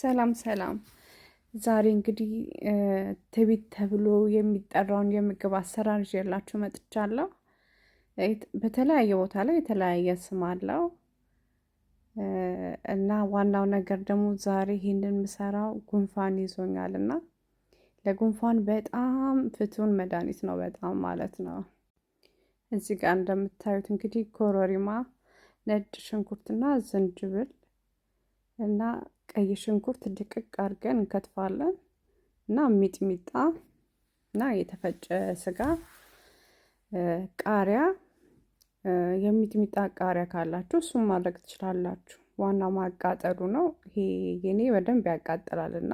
ሰላም ሰላም። ዛሬ እንግዲህ ትቢት ተብሎ የሚጠራውን የምግብ አሰራር ይዤላችሁ መጥቻለሁ። በተለያየ ቦታ ላይ የተለያየ ስም አለው እና ዋናው ነገር ደግሞ ዛሬ ይህንን ምሰራው ጉንፋን ይዞኛል እና ለጉንፋን በጣም ፍቱን መድኃኒት ነው። በጣም ማለት ነው። እዚህ ጋር እንደምታዩት እንግዲህ ኮረሪማ፣ ነጭ ሽንኩርትና ዝንጅብል እና ቀይ ሽንኩርት ድቅቅ አድርገን እንከትፋለን እና ሚጥሚጣ እና የተፈጨ ስጋ፣ ቃሪያ የሚጥሚጣ ቃሪያ ካላችሁ እሱም ማድረግ ትችላላችሁ። ዋናው ማቃጠሉ ነው። ይሄ የኔ በደንብ ያቃጥላል እና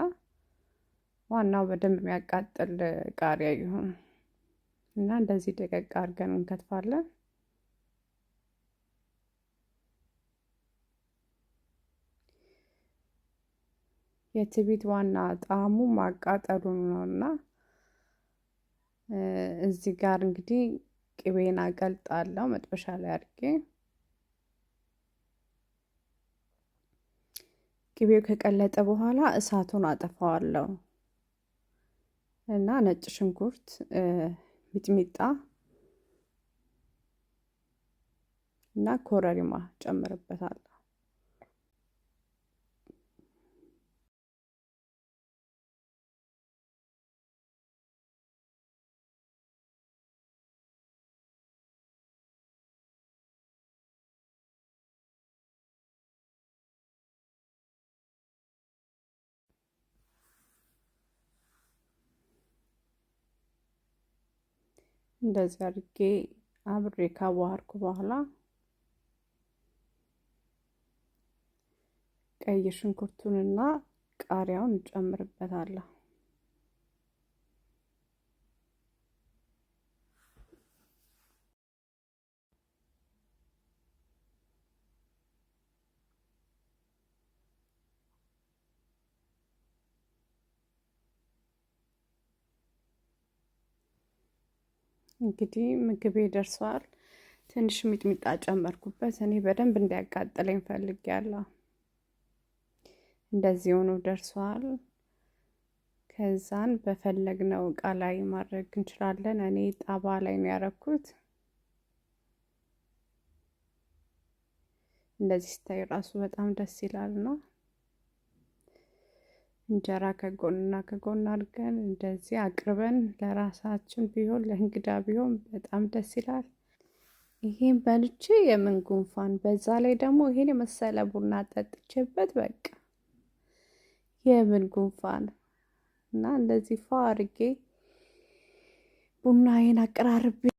ዋናው በደንብ የሚያቃጥል ቃሪያ ይሁን እና እንደዚህ ደቀቅ አድርገን እንከትፋለን። የትቢት ዋና ጣዕሙ ማቃጠሉ ነው እና እዚህ ጋር እንግዲህ ቅቤን አገልጣለሁ መጥበሻ ላይ አድርጌ ቅቤው ከቀለጠ በኋላ እሳቱን አጠፋዋለሁ እና ነጭ ሽንኩርት፣ ሚጥሚጣ እና ኮረሪማ ጨምርበታለሁ። እንደዚህ አድርጌ አብሬ ካዋሃርኩ በኋላ ቀይ ሽንኩርቱንና ቃሪያውን እንጨምርበታለሁ። እንግዲህ ምግቤ ደርሷል። ትንሽ ሚጥሚጣ ጨመርኩበት። እኔ በደንብ እንዲያቃጥለኝ ፈልጌያለሁ። እንደዚህ ሆኖ ደርሷል። ከዛን በፈለግነው እቃ ላይ ማድረግ እንችላለን። እኔ ጣባ ላይ ነው ያደረኩት። እንደዚህ ሲታይ ራሱ በጣም ደስ ይላል ነው እንጀራ ከጎንና ከጎን አድርገን እንደዚህ አቅርበን ለራሳችን ቢሆን ለእንግዳ ቢሆን በጣም ደስ ይላል። ይሄን በልቼ የምን ጉንፋን፣ በዛ ላይ ደግሞ ይሄን የመሰለ ቡና ጠጥቼበት በቃ የምን ጉንፋን እና እንደዚህ ፏ አድርጌ ቡናዬን አቀራርቤ